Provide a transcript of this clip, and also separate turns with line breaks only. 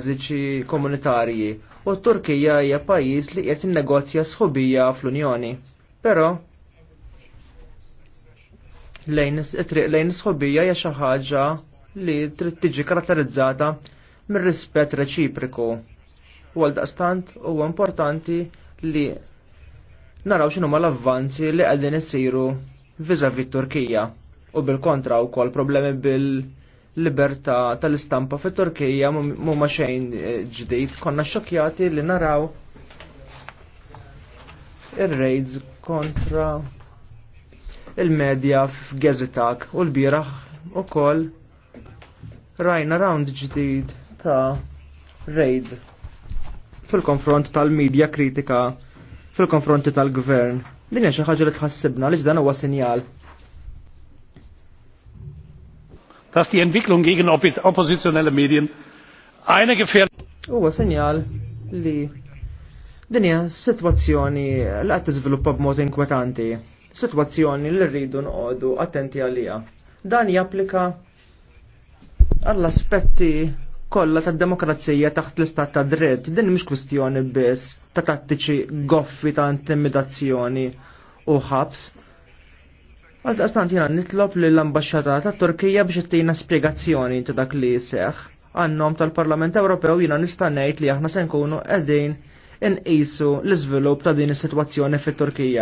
tranziċi komunitarji u Turkija hija pajjiż li qed innegozja sħubija fl-Unjoni. Però lejn sħobija sħubija hija xi ħaġa li trid tiġi karatterizzata mir-rispett reċipriku. U għaldaqstant huwa importanti li naraw x'inhu l-avvanzi li qegħdin isiru viżavi Turkija u bil-kontra wkoll problemi bil- libertà tal-istampa fit turkija mu maċejn xejn eh, ġdid, konna xokjati li naraw ir-raids kontra il-medja f'Gezitak u l bira u koll rajna round ġdid ta' raids fil-konfront tal-medja kritika fil-konfronti tal-gvern. Din xi ħaġa li tħassibna li dan huwa sinjal
dass die Entwicklung gegen oppositionelle Medien eine gefährliche Huwa sinjal
li din hija sitwazzjoni li qed tiżviluppa b'mod inkwetanti, sitwazzjoni li rridu nqogħdu attenti għaliha. Dan japplika għall-aspetti kollha tad-demokrazija taħt l-istat ta' dritt, din mhix kwistjoni biss ta' tattiċi goffi ta' intimidazzjoni u ħabs Għal daqstant jena nitlob li l-ambasċata ta' Turkija biex ittina spiegazzjoni ta' dak li seħ. Għannom tal-Parlament Ewropew jena nistannejt li aħna se nkunu qegħdin inqisu l-iżvilupp ta' din is-sitwazzjoni fit-Turkija.